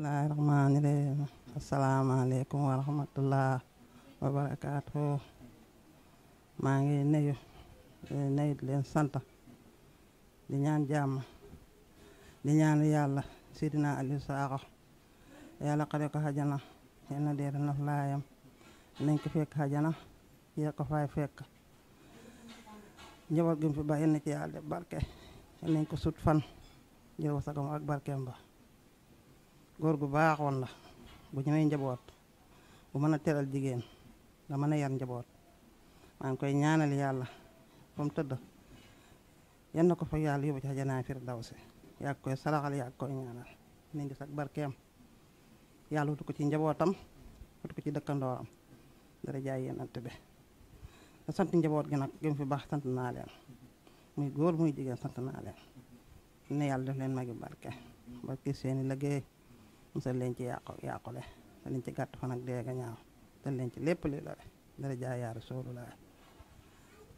bismillahi rahmaani rahim asalaamaaleykum wa rahmatullah wa maa ngi nuyu nuyu di leen sant di ñaan jàmm di ñaan yàlla sidina Aliou Sakho yàlla xare ko xajana yal na deer naf laayam nañ ko fekk xajana yee ko fay fekk njaboot gi mu fi bàyyi na ci yàlla barke nañ ko sut fan jër wasagam ak barkeem ba góor gu baaxoon la bu ñëwee njaboot bu mën a teral jigéen nga mën a yar njaboot maa ngi koy ñaanal yàlla fa tëdd yan na ko fa yàlla yóbbu ci xajanaa firdawsi yaa koy saraxal yaa koy ñaanal nañ di sax barkeem yàlla wutu ko ci njabootam wutu ko ci am dara jaay yenant bi da sant njaboot gi nag gëm fi baax sant naa muy góor muy jigéen sant naa leen ne yàlla def leen magi barke barke seeni liggéey musal leen ci yàqu yàqule musal leen ci gàtt fan ak dee ga ñaaw musal leen ci lépp li lore dara jaay yaar soolu la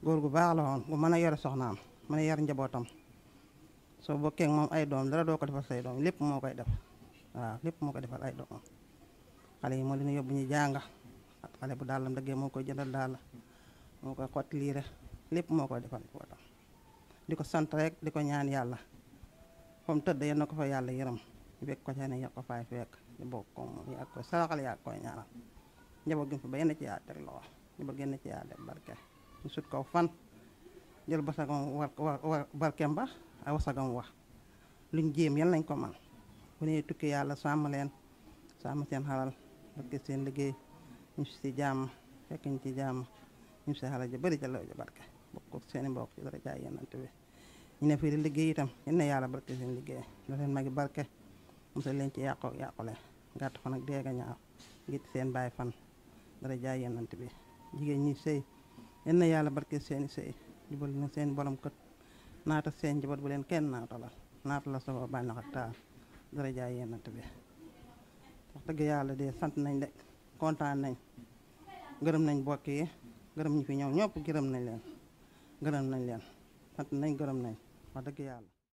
góor gu baax la woon bu mën a yore soxnaam mën a yar njabootam soo bokkee moom ay doom dara doo ko defal say doom lépp moo koy def waaw lépp moo koy defal ay doom xale yi moo leen yóbbu ñu jàng ak xale bu dàllam dëggee moo koy jëndal daal moo koy xott liire lépp moo koy defal di ko sant rek di ko ñaan yàlla fa mu tëdd yal na ko fa yàlla yërëm fekk ko ca ne yaa ko faay fekk ñu bokk ko moom yaa ko saraxal yaa koy ñaanal njaboot gi mu fi ba yenn ci yaa teg loxo njaboot genn ci yaa def barke ñu sut kaw fan jël basagam war war barkeem ba a wasagam wax luñ jéem yan lañ ko man bu ne tukki yàlla sàmm leen sàmm seen xalal barke seen liggéey ñu si jàmm fekk ñu ci jàmm ñu si xalal ji bëri ca law ji barke bokk seen i mbokk ci dara jaay yenante bi ñu ne fii di liggéey itam yal na yàlla barke seen liggéey la leen magi barke musal leen ci yàqu yàqule gàtt fan ak deega ñaaw ngir seen baay fan dara jaay yenant bi jigéen ñi sëy yenn yàlla barke seeni sëy jubal na seen borom kët naata seen njaboot bu leen kenn naata la naata la soo bañ na ak taal dara jaay yenant bi wax dëgg yàlla de sant nañ de kontaan nañ gërëm nañ bokk yi gërëm ñi fi ñëw ñopp gërëm nañ leen gërëm nañ leen sant nañ gërëm nañ wax dëgg yàlla